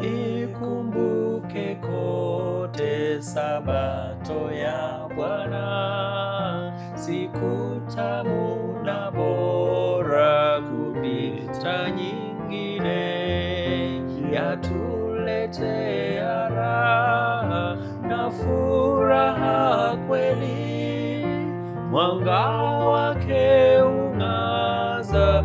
ikumbuke kote Sabato ya Bwana, siku tamu na bora kupita nyingine, yatuletea raha na furaha kweli, mwanga wake ung'aza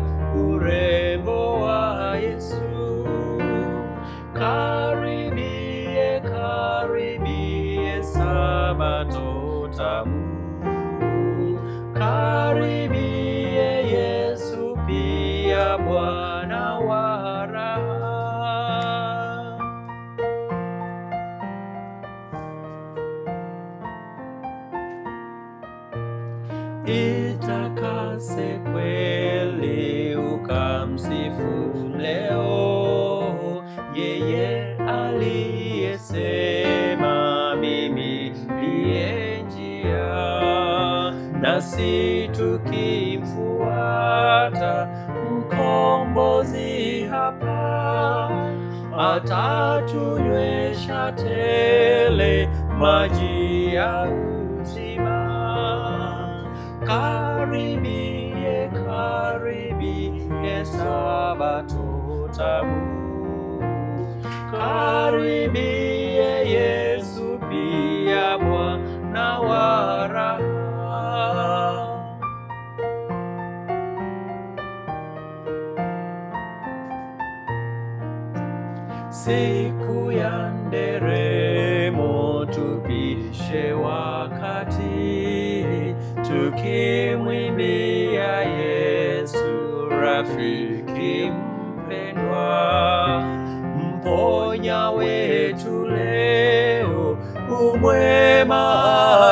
tamu. Karibie Yesu pia Bwana wa raha. Itakase kweli ukamsifu leo yeye aliyese nasi tukimfuata mkombozi hapa, atatunywesha tele maji ya uzima. Karibie, karibie Sabato tamu, karibie siku ya nderemo tupishe wakati, tukimwimbia Yesu rafiki mpendwa, mponya wetu leo, umwema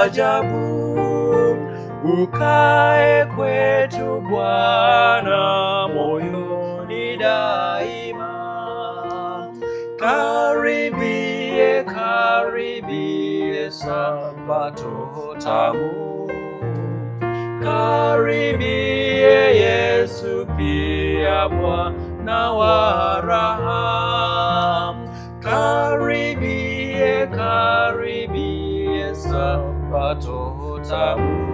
ajabu ukae kwetu Bwana moyoni da Karibia sabato tamu, karibia Yesu pia Bwana wa raha. Karibia, karibia sabato tamu,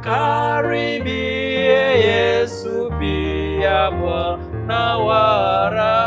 karibia Yesu pia Bwana wa raha.